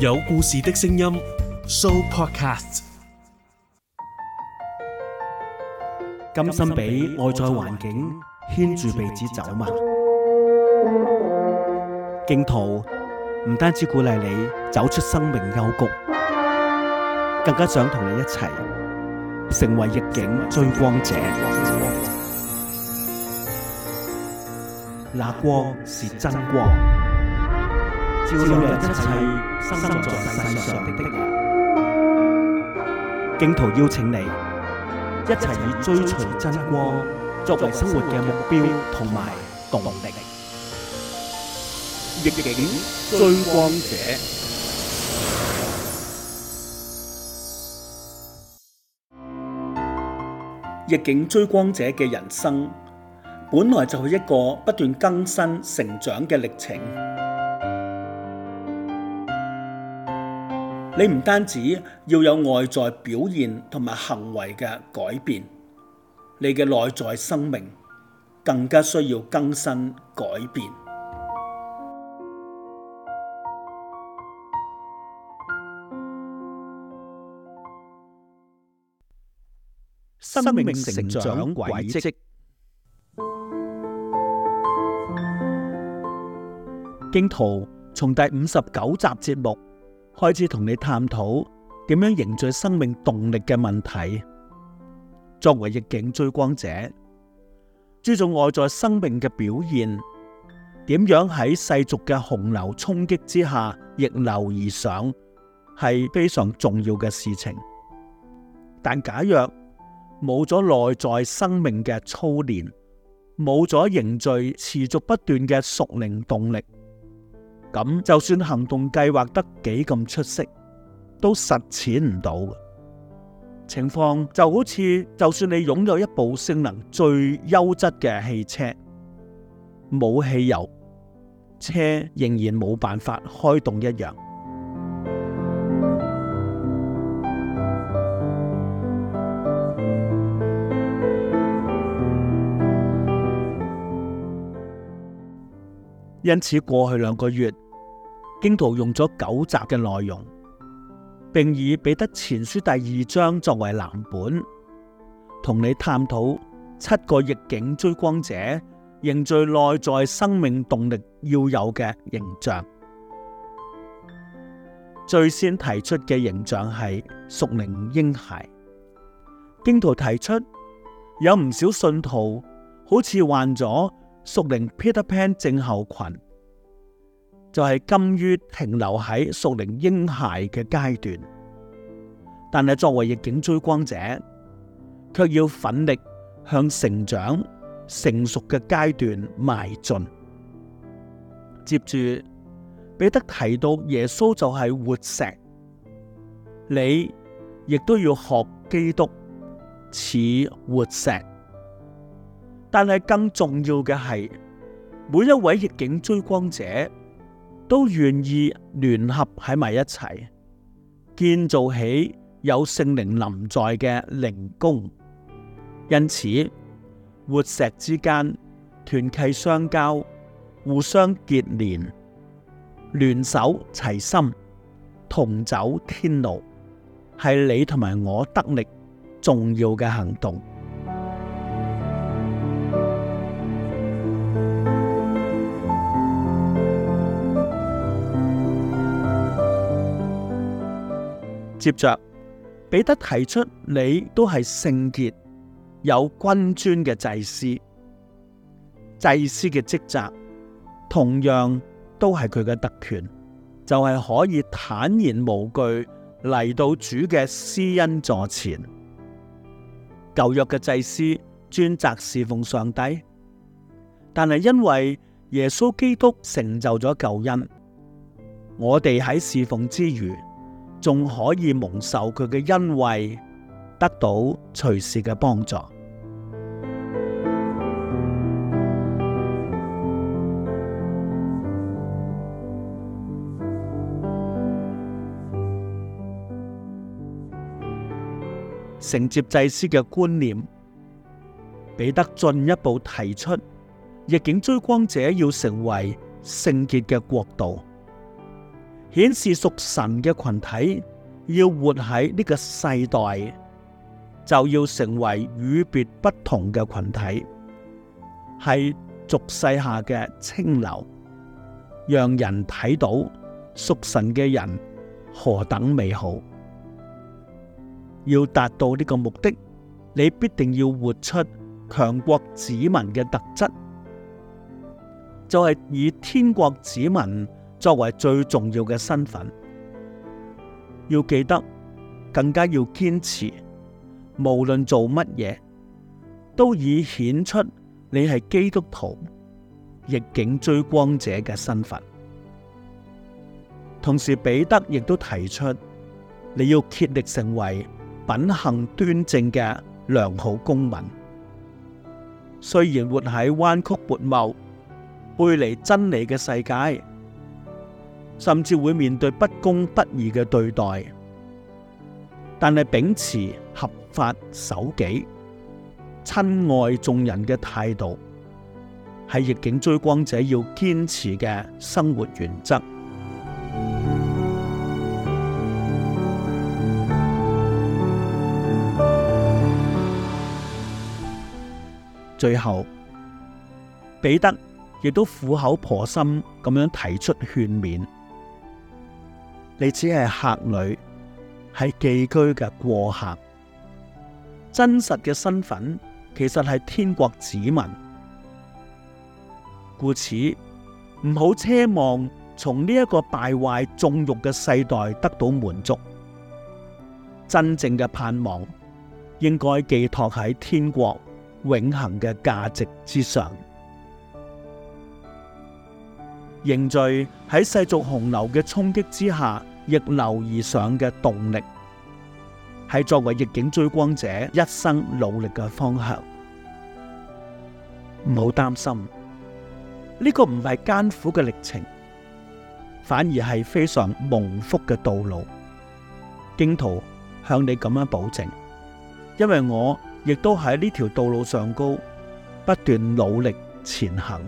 有故事的聲音，Sooopodcast。甘心俾外在環境牽住鼻子走嗎？荊徒唔單止鼓勵你走出生命幽谷，更加想同你一齊成為逆境追光者。那光是真光。照亮一切生在世上人，荊徒邀請你一齊以追隨真光作為生活嘅目標同埋動力。逆境追光者，逆境追光者嘅人生本來就係一個不斷更新成長嘅歷程。你唔單止要有外在表現同埋行為嘅改變，你嘅內在生命更加需要更新改變。生命成長軌跡，荊徒從第五十九集節目。開始同你探討點樣凝聚生命動力嘅問題。作為逆境追光者，注重外在生命嘅表現，點樣喺世俗嘅洪流衝擊之下逆流而上，係非常重要嘅事情。但假若冇咗內在生命嘅操練，冇咗凝聚持續不斷嘅屬靈動力。咁就算行動計劃得幾咁出色，都實踐唔到。情況就好似，就算你擁有一部性能最優質嘅汽車，冇汽油，車仍然冇辦法開動一樣。因此，過去兩個月，荊徒用咗九集嘅內容，並以彼得前書第二章作為藍本，同你探討七個逆境追光者凝聚內在生命動力要有嘅形象。最先提出嘅形象係屬靈嬰孩。荊徒提出有唔少信徒好似患咗。屬靈 Peter Pan 症候群，就係甘於停留喺屬靈嬰孩嘅階段，但係作為逆境追光者，卻要奮力向成長成熟嘅階段邁進。接住彼得提到耶穌就係活石，你亦都要學基督似活石。但係更重要嘅係，每一位逆境追光者都願意聯合喺埋一齊，建造起有聖靈臨在嘅靈宮。因此，活石之間團契相交，互相結連，聯手齊心，同走天路，係你同埋我得力重要嘅行動。接着，彼得提出你都係聖潔、有君尊嘅祭司，祭司嘅職責同樣都係佢嘅特權，就係、是、可以坦然無懼嚟到主嘅施恩座前。舊約嘅祭司專責侍奉上帝，但係因為耶穌基督成就咗救恩，我哋喺侍奉之餘，仲可以蒙受佢嘅恩惠，得到隨時嘅幫助。承接祭司嘅觀念，彼得進一步提出：逆境追光者要成為聖潔嘅國度。顯示屬神嘅群體要活喺呢個世代，就要成為與別不同嘅群體，係俗世下嘅清流，讓人睇到屬神嘅人何等美好。要達到呢個目的，你必定要活出強國子民嘅特質，就係以天國子民，作為最重要嘅身份，要記得，更加要堅持，無論做乜嘢，都已顯出你係基督徒逆境追光者嘅身份。同時，彼得亦都提出，你要竭力成為品行端正嘅良好公民。雖然活喺彎曲悖謬背離真理嘅世界。甚至會面對不公不義嘅對待，但係秉持合法守己、親愛眾人嘅態度，係逆境追光者要堅持嘅生活原則。最後，彼得亦都苦口婆心咁樣提出勸勉。你只係客旅，係寄居嘅過客，真實嘅身份其實係天國子民，故此唔好奢望從呢一個敗壞縱慾嘅世代得到滿足。真正嘅盼望應該寄託喺天國永恆嘅價值之上。凝聚喺世俗洪流嘅衝擊之下逆流而上嘅動力，係作為逆境追光者一生努力嘅方向。唔好擔心，呢、這個唔係艱苦嘅歷程，反而係非常蒙福嘅道路。荊徒向你咁樣保證，因為我亦都喺呢條道路上高不斷努力前行。